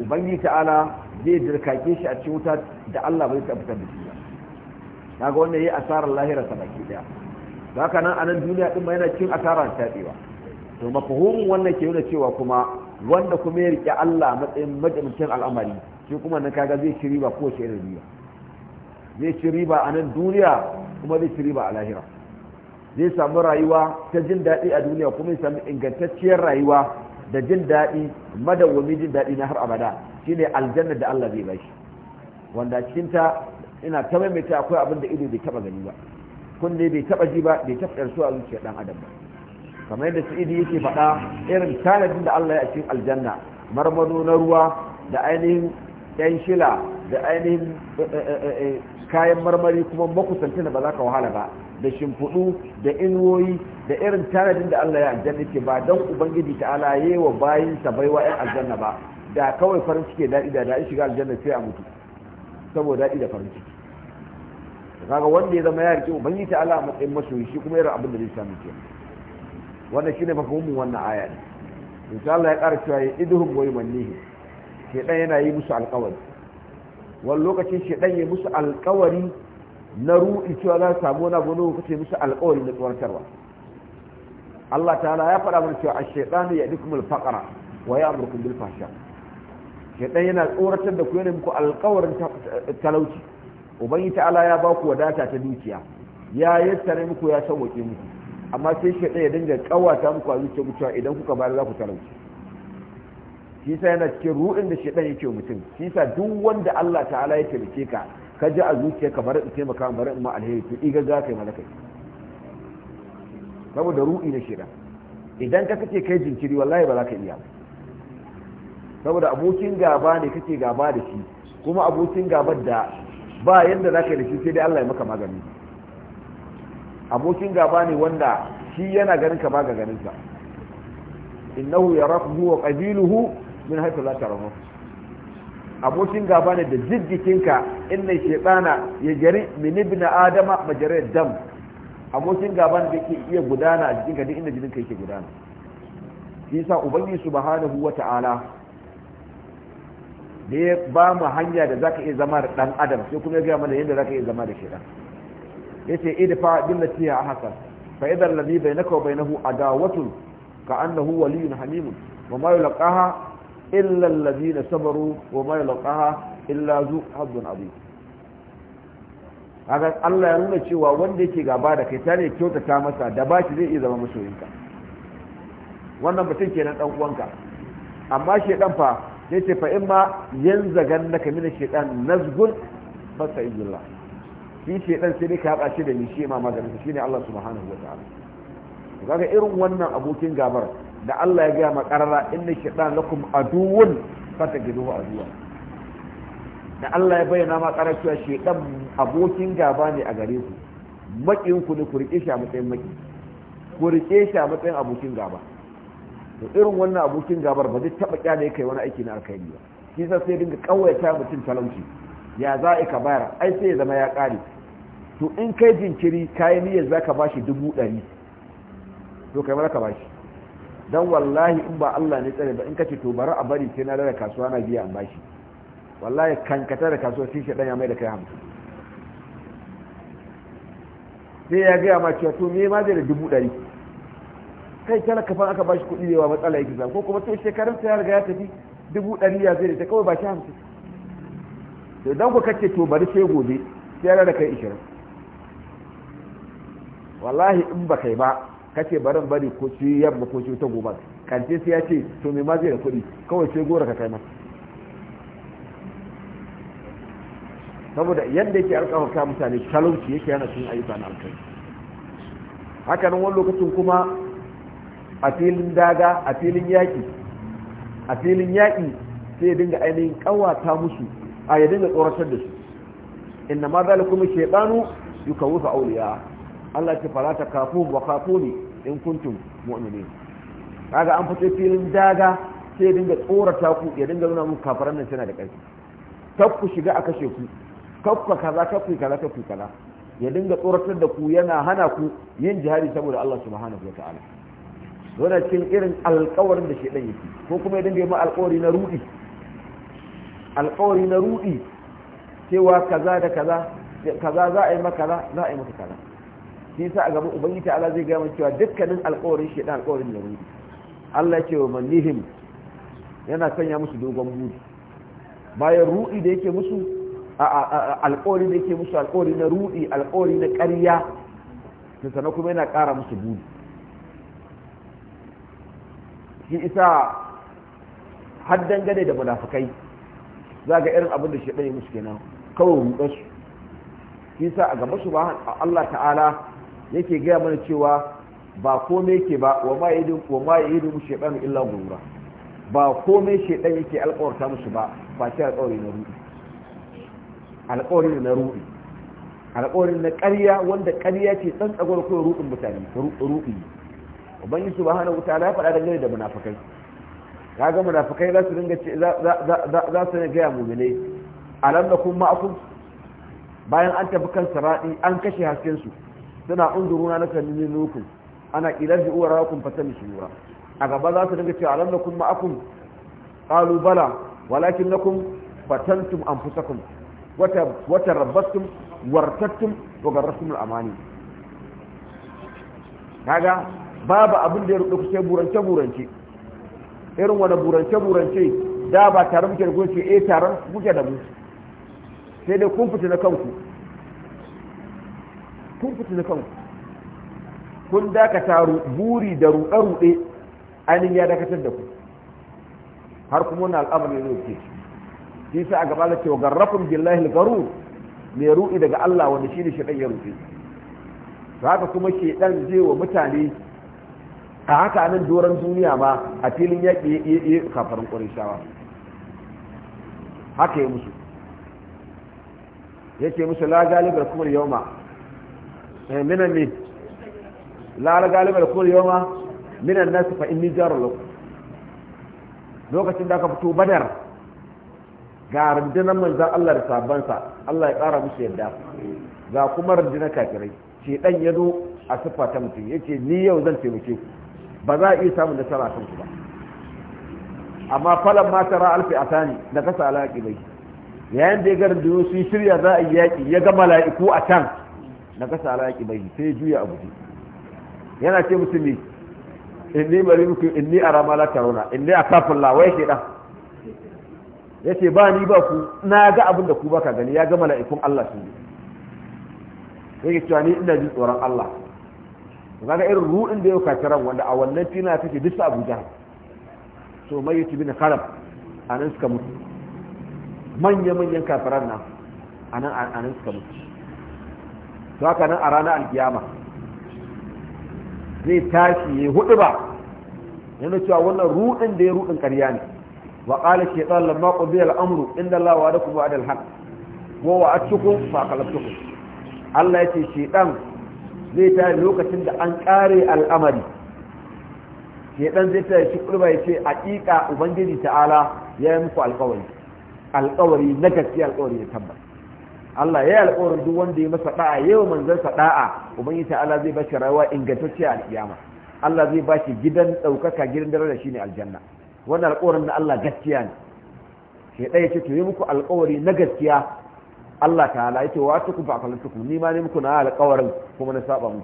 ubangi ta'ala zai dirkake shi a cikin wuta da Allah bai tabbata da shi ba kaga wannan yayi asarar lahira ta baki daya haka nan anan duniya din ma yana cin asarar tabewa to mafhum wannan ke nuna cewa kuma wanda kuma ya rike Allah matsayin majalisin al'amari shi kuma nan kaga zai ci riba ko shi irin riba zai ci riba a duniya kuma zai ci riba a lahira zai samu rayuwa ta jin daɗi a duniya kuma ya samu ingantacciyar rayuwa da jin daɗi madawwami jin daɗi na har abada shine aljanna da Allah zai shi? wanda cikin ta ina ta maimaita akwai abin da ido bai taba gani ba kunne bai taba ji ba bai taba yarsu a zuciyar dan adam ba kamar yadda sa'idi yake faɗa irin tanadin da Allah ya a cikin aljanna marmaro na ruwa da ainihin yan shila da ainihin eh, eh, eh, kayan marmari kuma makusanci da ba za ka wahala ba da shimfiɗu da inuwoyi da irin tanadin da Allah ya aljanna ke ba don ubangiji ta'ala yi wa bayinsa baiwa 'yan aljanna ba da kawai farin ciki daɗi da daɗi shiga aljanna sai a mutu saboda daɗi da farin ciki kaga wanda ya zama ya rike ubangiji ta Allah a matsayin masoyi shi kuma irin abin da zai samu ke wannan shine mafhumin wannan aya ne insha Allah ya ƙara cewa idhum wa yumannihi shedan yana yi musu alƙawari wani lokacin shedan ya musu alƙawari na ruɗi cewa za su samu wani abu ko lokacin musu alƙawari na tsoratarwa Allah ta'ala ya faɗa mana cewa ash-shaytanu ya'dukum al-faqra wa ya'murukum bil fahsha' shaidan yana tsoratar da ku yana muku alkawarin talauci ubangiji ta'ala ya ba ku wadata ta dukiya ya tare muku ya sauwaƙe muku amma sai shaidan ya dinga kawata muku a zuciya mutuwa idan kuka bayar za ku talauci shi sa yana cikin ruɗin da shaidan yake mutum shi sa duk wanda Allah ta'ala ya taimake ka ka ji a zuciya ka bari in taimaka bari in ma alheri to iga za ka yi malaka saboda ruɗi na shaidan idan ka kake kai jinkiri wallahi ba za ka iya ba saboda abokin gaba ne kake gaba da shi kuma abokin gabar da ba yadda za ka yi da shi sai dai Allah ya maka magani abokin gaba ne wanda shi yana ganin ka ba ga ganinsa innahu yarakuhu wa qabiluhu min haythu la tarahu abokin gaba ne da jiddikinka inna shaytana ya jari min ibn adama majare dam abokin gaba ne da yake iya gudana a jikinka duk inda jininka yake gudana shi yasa ubangiji subhanahu wa ta'ala da ya ba mu hanya da zaka iya zama da ɗan adam sai kuma ya gaya mana yadda zaka iya zama da shi Ya ce, fa yace da tiya a hasan fa idan bai alladhi bai nahu? bainahu adawatun ka annahu waliyun Hamimu? wa ma illan illa na sabaru wa ma yulqaha illa zu hazzun A kaga Allah ya nuna cewa wanda yake gaba da kai ta tare kyautata masa da baki zai iya zama masoyinka wannan mutum kenan dan uwanka amma shi shedan fa sai ce fa imma yanzagan naka min shaytan nazgun fasaillah shi shaytan sai dai ka haɗa shi da ni shi ma maganin shi ne Allah subhanahu wa ta'ala kaga irin wannan abokin gabar da Allah ya gaya ma karara inna shaytan lakum aduwwun a aduwwa da Allah ya bayyana ma karara cewa shaytan abokin gaba ne a gare ku makin ku ne ku rike shi a matsayin maki ku rike shi a matsayin abokin gaba to irin wannan abokin gabar ba zai taɓa kyale kai wani aiki na alkhairi ba shi sa sai dinga kawaita mutum talauci ya za a ka bayar ai sai ya zama ya ƙare to in kai jinkiri kayan niyyar za ka bashi dubu ɗari to kai mara ka bashi? Dan wallahi in ba Allah ne tsare ba in ka ce to bari a bari sai na da kasuwa na biya an bashi. wallahi kankata da kasuwa sai shaɗan ya mai da kai hamsin sai ya gaya ma cewa to me ma zai da dubu ɗari kai talakafan aka bashi kuɗi yawa matsala yake zama ko kuma to shekarun ta ya riga ya tafi dubu ɗari ya zai ta kawai ba shi hamsin to idan ku kace to bari sai gobe sai ya kai ishirin wallahi in ba kai ba kace barin bari ko ci yamma ko ci ta gobe kance sai ya ce to me ma zai da kuɗi kawai sai gora ka kai masa saboda yadda yake alƙawarta mutane talauci yake yana cin ayyuka na alkai haka nan wani lokacin kuma a filin daga a filin yaƙi a filin yaƙi sai ya dinga ainihin ƙawata musu a ya dinga tsoratar da su inna ma zalikum shaytanu yukawwifu awliya Allah ce fara ta kafu wa kafuni in kuntum mu'minin kaga an fito filin daga sai ya dinga tsorata ku ya dinga nuna muku kafaran nan suna da ƙarfi kaf ku shiga a kashe ku kaf ka kaza kaf ku kaza kaf ku kaza ya dinga tsoratar da ku yana hana ku yin jihadi saboda Allah subhanahu wa ta'ala wannan cikin irin alƙawarin da shaidan yake ko kuma idan bai ma alƙawari na rudi alƙawari na rudi cewa kaza da kaza kaza za a yi maka kaza za a yi maka kaza shi yasa a gaban ta Allah zai ga mun cewa dukkanin alƙawarin shaidan alƙawarin na rudi Allah ya ce wa manihim yana sanya musu dogon buri bayan rudi da yake musu alƙawari da yake musu alƙawari na rudi alƙawari na ƙarya sannan kuma yana ƙara musu buri shi isa haddan gane da munafukai za ga irin abin da shi ɗaya musu kenan kawai rutsar su shi isa a gaba su ba Allah ta'ala yake gaya mana cewa ba komai ke ba wa ma yi yi mu shi ɗan illa ghurura ba komai ɗan yake alƙawarta musu ba ba shi alƙawari na ruɗi alƙawari na rudi alƙawari na ƙarya wanda ƙarya ce tsantsagwar kawai ruɗin mutane ruɗi ubangiji subhanahu wataala ya faɗa dangane da munafikai kaga munafikai za su dinga ce za su ga mu'mine alam kuma akum bayan an tafi kan saradi an kashe hasken su suna unduru na nini nukun ana qilar bi uwarakum fatamishura a gaba za su dinga ce alam kuma akum qalu bala walakin lakum fatantum anfusakum wata wata rabbatum wartattum wa garrastum al-amani kaga babu abin da ya rudu sai burance burance irin wani burance burance da ba tare muke da ku ce eh tare muke da mu sai dai kun fitina kanku kun fitina kanku kun dakata buri da ruɗe ruɗe ainihin ya dakatar da ku har kuma wani al'amari ne ke shi sa a gaba da cewa garrafin billahi garu mai ruɗi daga Allah wanda shi ne shaɗan ya Za haka kuma shi shaɗan zai wa mutane a haka anan doron duniya ma a filin yaƙi ya kafarin ƙwarishawa haka ya musu yake musu la galibar ma yauma eh, minan ne la galibar yau ma minan nasu fa'in inni lokacin lokacin da aka fito badar ga rundunar manzan Allah da sabansa Allah ya ƙara musu yadda ga kuma rundunar kafirai ce ɗan yado a siffa ta mutum yake ni yau zan taimake ku ba za a iya samun nasara kan ku ba amma falan ma tara alfi a tani da kasa alaƙi bai yayin da ya gara da sun shirya za a yi yaƙi ya ga mala'iku a can na kasa alaƙi bai sai juya a guji yana ce musu ne inni bari muku inni ara in la a kafin lawa ya ke ya yace ba ni ba ku na ga abin da ku baka gani ya ga mala'ikun Allah su yake cewa ni ina ji tsoron Allah kaga irin ruɗin da ya kafiran wanda a wannan tina take duk abuja so mai yi bin karab a nan suka mutu manya-manyan kafiran nan a nan suka mutu to haka nan a ranar alkiyama zai tashi ya hudu ba yana cewa wannan ruɗin da ya ruɗin ƙarya ne wa ƙala ke tsallan lamma biyar al'amuru inda lawa da kuma adal haka ko wa a cikin fa Allah ya ce shi ɗan zai tare lokacin da an kare al'amari dan zai tare shi kurba ya ce ubangiji ta'ala ya yi muku alƙawari alƙawari na gaskiya alƙawari ya tabbata Allah ya yi alƙawarin duk wanda ya masa da'a yau manzon sa da'a ubangiji ta'ala zai bashi rawa ingantacciya a kiyama Allah zai bashi gidan ɗaukaka gidan dare da shine aljanna wannan alƙawarin na Allah gaskiya ne ke ya ce to yi muku alƙawari na gaskiya Allah ta'ala yake wa tuku ba falatukum ni ma ne muku na alƙawarin kuma na saba muku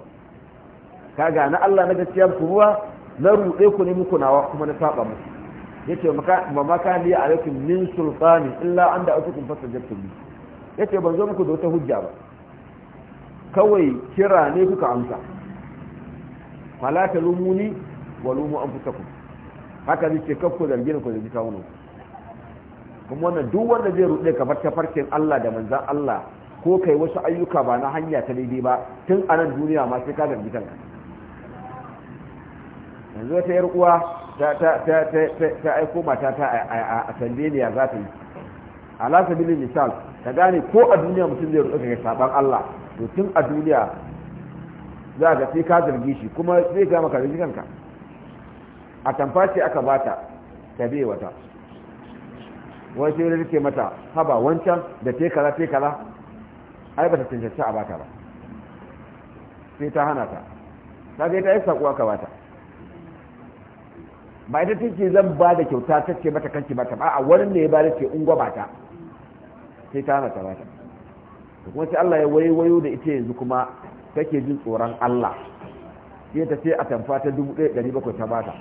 kaga na Allah na gaskiya ku ruwa na ruɗe ku ne muku nawa kuma na saba muku yace ma ka ne alaikum min sultani illa an da atukum fastajabtum li yace ban zo muku da wata hujja ba kawai kira ne kuka amsa fala lumuni wa lumu anfusakum haka ne ce kafko zargin ku da jikawunku kuma wannan duk wanda zai rude bar tafarkin Allah da manzan Allah ko kai wasu ayyuka ba na hanya ta daidai ba tun a nan duniya ma sai ka garbi kanka yanzu wata yar uwa ta aiko mata ta a sandeliya za ta yi ala sabilin misal ka gane ko a duniya mutum zai rudu kai saban Allah to tun a duniya za ka sai ka zargi shi kuma zai ga maka kanka a tamfaci aka bata ta bai wata wani sai wani ce mata haba wancan da te kaza ai ba ta cancanci a bata ba sai ta hana ta ta zai ta yi saƙo ka bata ba ita take zan ba da kyauta ta ce mata kanki bata ba a wani ne ya ba da ce in gwaba sai ta hana ta bata kuma sai Allah ya wayo da ita yanzu kuma take jin tsoron Allah sai ta ce a tamfa ta bakwai ta bata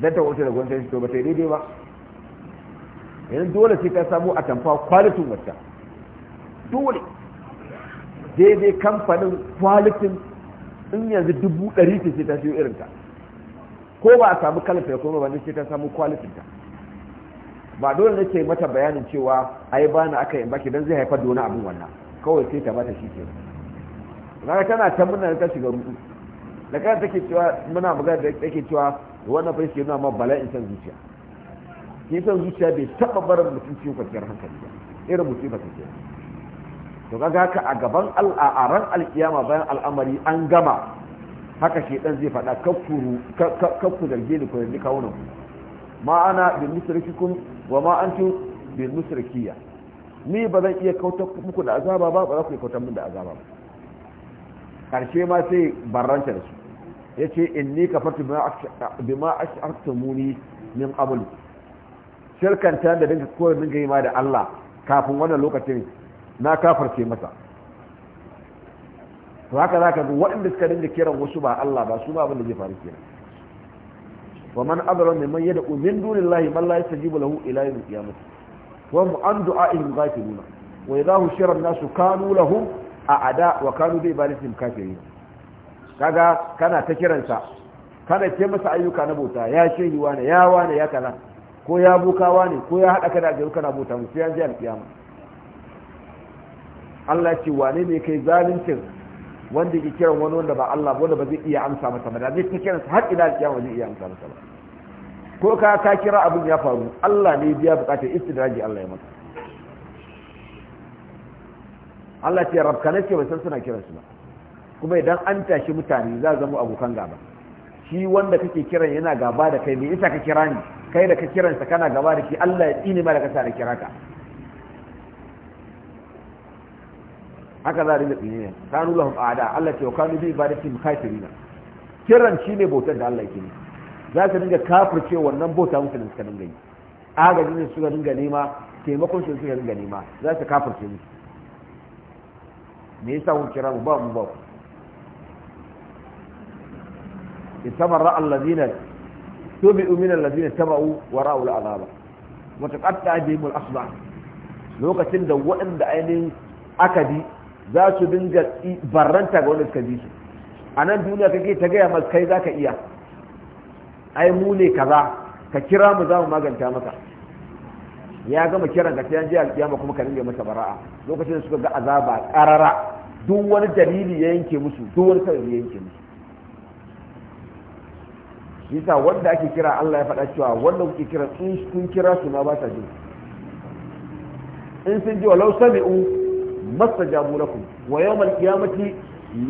dan ta wuce da gwamnati ta ba sai daidai ba yanzu dole sai ka samu a tamfa kwalitin wata dole daidai kamfanin kwalitin in yanzu dubu ɗari ce sai ta siyo irinta ko ba a samu kalanta ko ba ne sai ta samu ta ba dole ne ke mata bayanin cewa ai ba na aka yin baki don zai haifar da wani abin wannan kawai sai ta bata shi ke ranar tana can muna ta shiga rudu da kan take cewa muna magana da take cewa wannan fa yake nuna ma bala'in san zuciya ke san zuciya bai taba barin mutum ciwo kwanciyar hankali ba irin musiba ta ke to kaga haka a gaban al'aran alkiyama bayan al'amari an gama haka dan zai faɗa kafuru kafku zarge ni ko yanzu kawo nan ma ana bin musrikikum wa ma antu bin musrikiya ni ba zan iya kautar muku da azaba ba ba za ku kautar min da azaba ba karshe ma sai barranta da su yace inni kafatu bima ash'artumuni min qablu shirkanta da dinka ko dinka yi ma da Allah kafin wannan lokacin na kafarce masa to haka zaka ga waɗanda suka dinka kiran wasu ba Allah ba su ma abin da zai faru kenan wa man adra mimman yad'u min dunillahi man la yastajibu lahu ila yawm al-qiyamah wa hum an du'a'ihim ghafilun wa idha hushira nasu kanu a a'ada wa kanu bi ibadatihim kafirin kaga kana ta kiransa kana ce masa ayyuka na bauta ya shehi wane ya wani ya kaza ko ya bukawa ne ko ya haɗa ka da aljanu kana bota? musu yanzu ji alƙiyama Allah ce wane ne kai zaluncin wanda ke kiran wani wanda ba Allah wanda ba zai iya amsa masa ba da zai ta su har ila alƙiyama zai iya amsa masa ba ko ka ka kira abin ya faru Allah ne biya bukatar istidraji Allah ya maka Allah ce rabkana ce ba san suna kiransu ba kuma idan an tashi mutane za a zama abokan gaba shi wanda kake kiran yana gaba da kai me yasa ka kira ni kai da ka kiransa kana gaba da shi Allah ya tsini ma da kasa da kiraka haka za a rinda tsini ne kanu lahum a'da Allah ce wa kanu bi ibadatin kafirina kiran shi ne bautar da Allah yake ne za su dinga kafirce wannan bauta musu da suka dinga yi agajin da suka dinga nema taimakon su suka dinga nema za su kafirce musu me yasa kun kira mu ba mu ba ku isamar ra'al ladina tubi'u min allazina taba'u wa ra'u al'azaba wa taqatta bihim lokacin da waɗanda ainihin akadi za su dinga barranta ga wanda suka bi su a nan duniya kake ta gaya maka kai zaka iya ai mu ne kaza ka kira mu za mu maganta maka ya gama kiran ka sai an je alƙiyama kuma ka dinga masa bara'a lokacin da suka ga azaba karara duk wani dalili ya yanke musu duk wani kawai ya yanke musu yasa wanda ake kira Allah ya faɗa cewa wanda kuke kira in kira su ma ba ta ji in sun ji walau sami'u na lakum wa yawmal ya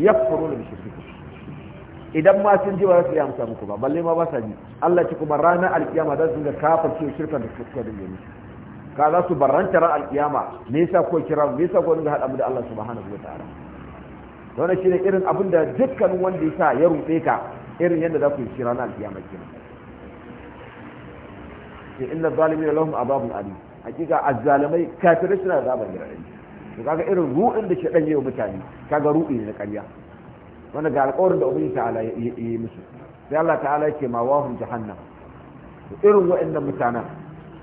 yakfuruna da shirkikum idan ma sun ji ba za su yi amsa muku ba balle ma ba sa ji Allah ce kuma ranar alkiyama za su ga kafar ce shirkan da suka dinga musu ka za su barranta ran alkiyama me yasa ko kira me yasa ko dinga hada mu da Allah subhanahu wa ta'ala wannan shine irin abinda dukkan wanda yasa ya rufe ka irin yadda za ku yi shi ranar alkiyama kenan ke zalimi da lahum azabun ali hakika azzalimai kafirai suna da azaban gidan to kaga irin ru'in da shedan wa mutane kaga ru'i ne na ƙarya wanda ga alƙawarin da ubangiji ta'ala ya yi musu sai Allah ta'ala ya ce ma wahum jahannam to irin waɗannan mutanen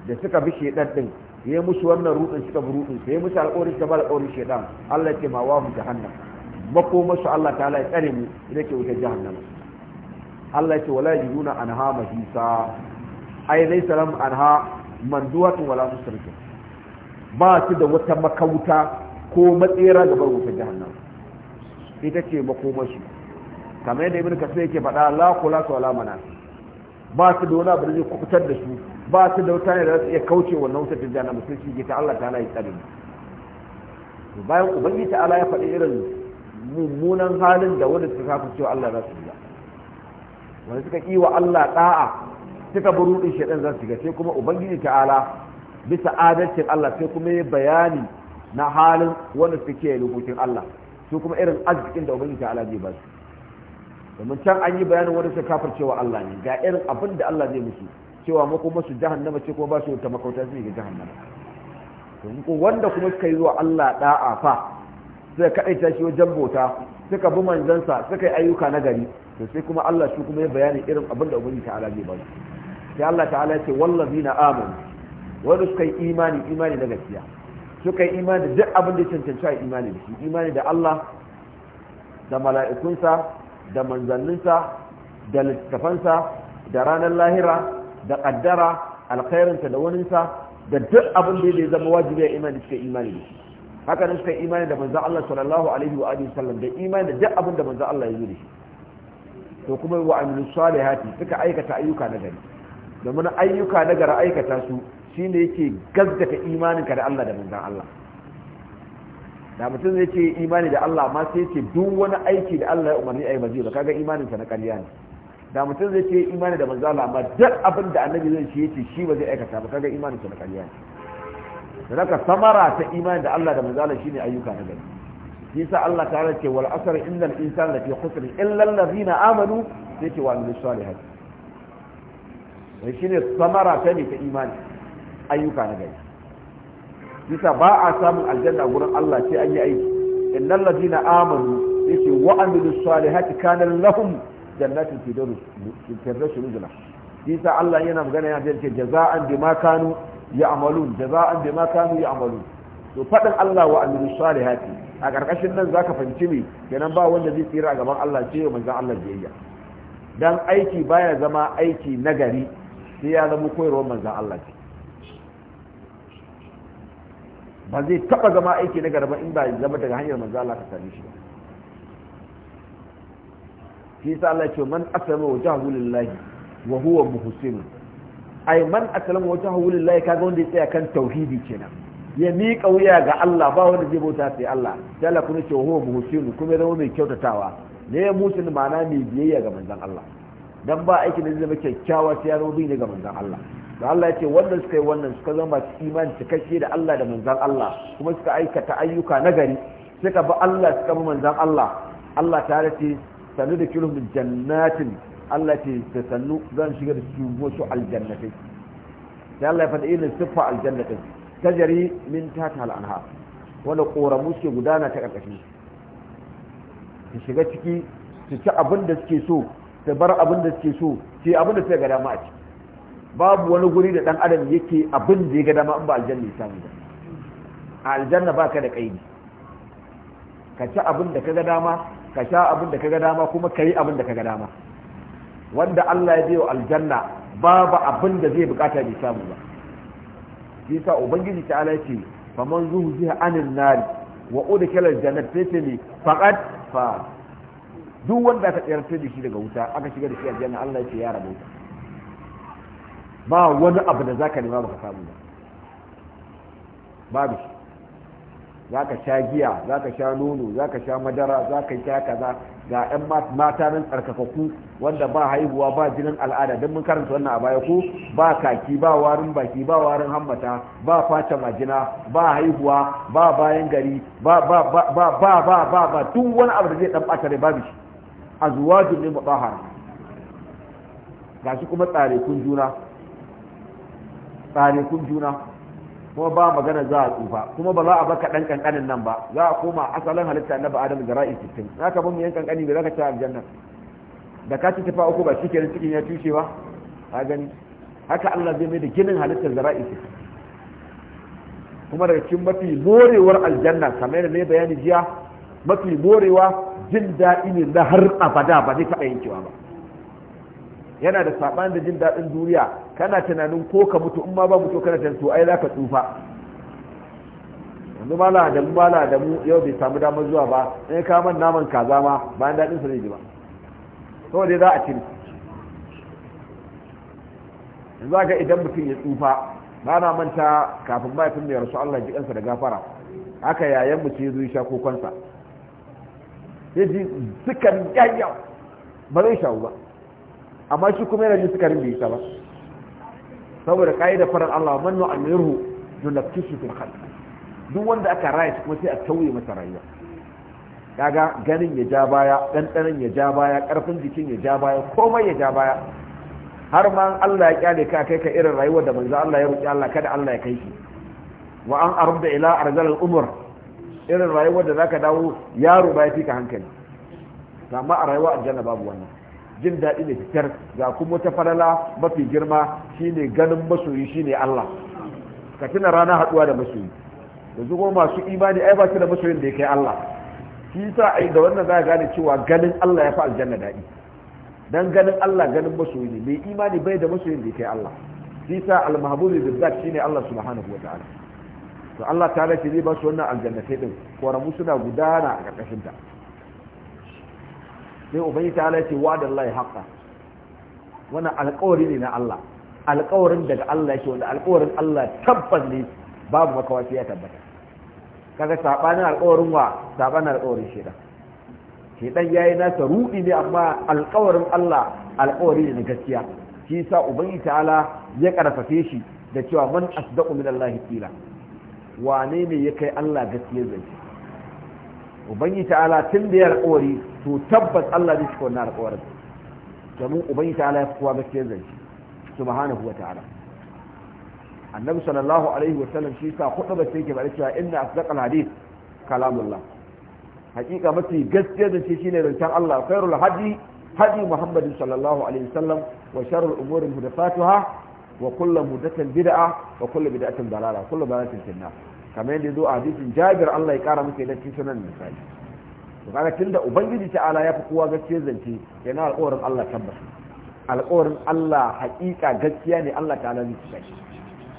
da suka bi ɗin ya yi musu wannan ru'in suka bi ru'in sai musu alƙawarin suka bi alƙawarin shedan Allah ya ce ma wahum jahannam su Allah ta'ala ya tsare mu ita ce wuta jahannama Allah ce wala yujuna anha mahisa ai laysa salam anha manduwatun wala mustarikun ba su da wata makauta ko matsera da bar wuta jahannam ita ce makomashi kamar yadda ibn kasir yake faɗa la kula su wala mana ba su da wani abu da zai kubutar da su ba su da wata ne da za iya kauce wannan wutar da jahannam sun shige ta Allah ta yi tsare bayan ubangiji ta'ala ya faɗi irin mummunan halin da wanda suka kafa cewa Allah za su yi wanda suka yi wa Allah da'a suka bi rudin shaidan za su shiga sai kuma ubangiji ta'ala bisa adalcin Allah sai kuma ya bayani na halin wanda suke lukukin Allah su kuma irin arzikin da ubangiji ta'ala zai ba su domin can an yi bayanin wanda suka kafar cewa Allah ne ga irin abin da Allah zai musu cewa kuma su jahannama ce kuma ba su ta makauta su ga jahannama to wanda kuma suka yi wa Allah da'a fa suka kaɗaita shi wajen bauta suka bi manzansa suka yi ayyuka na gari to sai kuma Allah shi kuma ya bayani irin abin da ubangiji ta'ala zai ba sai Allah ta'ala ya ce wallazina amanu wanda suka yi imani imani na gaskiya suka yi imani da duk abin da ya cancanci a imani da shi imani da Allah da mala'ikunsa da manzanninsa da littafansa da ranar lahira da kaddara alkhairinsa da waninsa da duk abin da ya zama wajibi ya imani suka imani da shi haka nan suka imani da manzan Allah sallallahu alaihi wa sallam da imani da duk abin da manzan Allah ya zo da shi to kuma wa amilu salihati suka aikata ayyuka na gari domin ayyuka na gari aikata su shine yake gaggata imaninka da Allah da manzon Allah da mutum zai ce imani da Allah amma sai ce duk wani aiki da Allah ya umarni a yi mazi ba kaga imaninsa na kariya ne da mutum zai ce imani da manzo Allah amma duk abin da annabi zai ce yake shi ba zai aikata ba kaga imaninsa na kariya ne da haka samara ta imani da Allah da manzo Allah shine ayyuka na gari yasa Allah ta'ala ce wal asr innal ke lafi khusr illa allazina amanu sai ce wa amilus salihati wai shine samara ta ne ta imani ayyuka na gari yasa ba a samun aljanna a gurin Allah sai an yi aiki innal ladina amanu yace wa amilus salihati kana lahum jannatin firdaus firdaus nuzula yasa Allah yana magana yana ce jaza'an bima kanu ya'malun jaza'an bima kanu ya'malun to faɗin Allah wa amiru salihati a ƙarƙashin nan zaka fahimci me kenan ba wanda zai tsira a gaban Allah ce wa manzon Allah biyayya dan aiki baya zama aiki nagari sai ya zama koyarwar manzo Allah ce ba zai taba zama aiki na garba in ba zama daga hanyar manzo Allah ka same shi ba shi yasa Allah ce man aslama wajhahu lillahi wa huwa muhsin ai man aslama wajhahu lillahi kaga wanda ya tsaya kan tauhidi kenan ya miƙa wuya ga Allah ba wanda zai bauta sai Allah sai Allah kuma ce huwa muhsinu kuma zama mai kyautatawa ne muhsin ma'ana mai biyayya ga manzon Allah dan ba aikin da zai zama kyakkyawa sai ya zama bi ne ga manzon Allah da Allah ya ce wanda suka yi wannan suka zama masu imani cikakke da Allah da manzon Allah kuma suka aikata ayyuka na gari suka bi Allah suka bi manzon Allah Allah ta race sanu da min jannatin Allah ce ta sanu zan shiga da su wasu aljannatai sai Allah ya faɗa irin siffa aljannatai tajari min tata al'anha wanda koramu suke gudana ta ƙarƙashi su shiga ciki su ci abin da suke so su bar abin da suke so su abinda abin da suke ga dama a ciki babu wani guri da dan adam yake abin da ya ga dama in ba aljanna ya samu ba a aljanna ba ka da kaini ka ci abin da ka ga dama ka sha abin da ka ga dama kuma ka yi abin da ka ga dama wanda Allah ya biyo aljanna babu abin da zai bukata bai samu ba yasa ubangiji ta ala ce faman zuhziha anin nari wa udkhala janar sai ne faqad fa duk wanda aka tsayar da shi daga wuta aka shiga da shi a aljanna Allah ya ce ya rabu ba wani abu da zaka nema baka samu ba babu shi za ka sha giya za ka sha nono za ka sha madara za ka sha kaza ga yan mata nan tsarkakakku wanda ba haihuwa ba jinin al'ada don mun karanta wannan a baya ko ba kaki ba warin baki ba warin hammata ba fata majina ba haihuwa ba bayan gari ba ba ba ba ba ba ba duk wani abu da zai dan bata rai babu shi a zuwa mutahhar gashi kuma tsare kun juna tsare kun juna kuma ba magana za a tsufa kuma ba za a baka dan kankanin nan ba za a koma asalin halitta ba adam zara'i 60 ka bin yan kankani da ka ci aljanna da ka ci tafa uku ba shi shikenan cikin ya tushe ba ka gani haka Allah zai mai da ginin halittar zara'i sittin kuma daga cikin mafi morewar aljanna kamar yadda ne bayani jiya mafi morewa jin daɗi ne na har abada ba zai taɓa yankewa ba yana da saɓani da jin daɗin duniya kana tunanin ko ka mutu in ma ba mutu kana tunanin to ai za ka tsufa yanzu mala da mu mala da mu yau bai samu damar zuwa ba in ka man naman kaza ma bayan daɗin sa zai ji ba dai za a ci yanzu ga idan mutum ya tsufa ba na manta kafin mahaifin mai rasu Allah ji kansa da gafara haka yayan mu ce zo ya sha kokonsa ya ji sukan yayyawa ba zai shawo ba amma shi kuma yana jin sukarin bai sha ba saboda kaida farar Allah man nu amiru yunafkisu fil khalq duk wanda aka raya shi sai a tauye masa rayuwa kaga ganin ya ja baya dandanan ya ja baya karfin jikin ya ja baya komai ya ja baya har ma Allah ya kyale ka kai ka irin rayuwar da manzo Allah ya roki Allah kada Allah ya kai shi wa an arda ila arzal al irin rayuwar da zaka dawo yaro baya fika hankali amma a rayuwa aljanna babu wannan jin daɗi ne fitar ga kuma ta falala mafi girma shine ganin masoyi shine Allah ka tuna rana haɗuwa da masoyi da zuwa masu imani ai ba su da masoyin da ya kai Allah shi yasa ai da wannan za gane cewa ganin Allah ya fi aljanna daɗi dan ganin Allah ganin masoyi ne mai imani bai da masoyin da ya kai Allah shi yasa al-mahbubi bizzat shine Allah subhanahu wa ta'ala to Allah ta ce zai ba su wannan aljanna sai din koramu suna gudana a ƙarƙashin ta sai ubangi ta ala ce wa'adan Allah haƙa wannan alƙawari ne na Allah alƙawarin daga Allah yake wanda alƙawarin Allah tabbas ne babu makawaci ya tabbata kaga sabanin alƙawarin wa sabanin alƙawarin shi shedan yayi nasa rudi ne amma alƙawarin Allah alƙawari ne gaskiya shi yasa ubangi ta ala ya karfafe shi da cewa man asdaqu min Allah qila wane ne ya kai Allah gaskiya zai ubangi ta'ala tun da ya alƙawari to tabbas Allah zai cika wannan alƙawarin domin ubangi ta'ala ya fi gaskiyar zance subhanahu wa ta'ala annabi sallallahu alaihi wasallam shi sa kudu ba sai ke bari cewa inna asdaqal hadith kalamullah hakika mafi gaskiyar zance shine zancen Allah khairul hadi hadi muhammadin sallallahu alaihi wasallam wa sharrul umuri muhdathatuha wa kullu muhdathatin bid'a wa kullu bid'atin dalala kullu dalalatin fi kamar yadda zo a hadisin jabir Allah ya kara muke dace sunan misali to kaga tunda ubangiji ta ala ya fi kowa gaskiya zance yana alƙawarin Allah tabbas alƙawarin Allah haƙiƙa gaskiya ne Allah ta'ala zai cika shi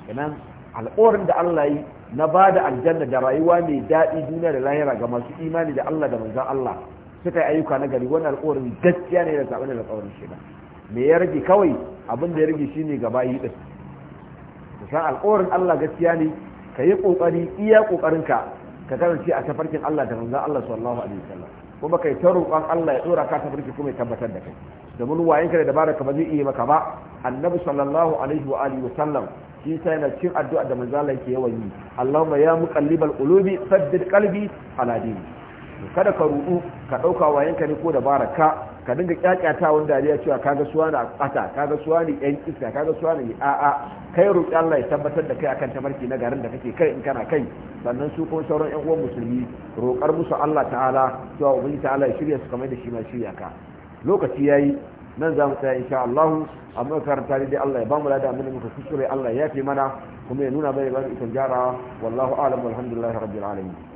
kenan alƙawarin da Allah yi na ba da aljanna da rayuwa mai daɗi duniya da lahira ga masu imani da Allah da manzon Allah suka yi ayyuka na gari wannan alƙawarin gaskiya ne da saɓani da alƙawarin shi me ya rage kawai abin da ya rage shine gaba yi ɗin kusan alƙawarin Allah gaskiya ne ka yi kokari iya kokarinka ka kasance a tafarkin Allah da manzon Allah sallallahu alaihi wasallam kuma kai ta roƙon Allah ya dora ka tafarki kuma ya tabbatar da kai domin wayenka da dabara ka ba zai iya maka ba annabi sallallahu alaihi wa alihi wasallam shi sai na cin addu'a da manzon Allah yake yawan yi Allahumma ya muqallibal qulubi saddid qalbi ala dini kada ka rudu ka dauka ka ne ko dabara ka ka dinga kyakyata wanda dariya cewa kaga suwa na kata kaga suwa ne yan iska kaga suwa ne a a kai roƙi Allah ya tabbatar da kai akan tabarki na garin da kake kai in kana kai sannan su kuma sauran yan uwan musulmi roƙar musu Allah ta'ala cewa ubangiji ta'ala ya shirya su kamar da shi ma shirya ka lokaci yayi nan za mu tsaya insha Allah amma karanta dai Allah ya ba mu lada mun muka kusure Allah ya fi mana kuma ya nuna bai ba ikon jara wallahu a'lam walhamdulillahi rabbil alamin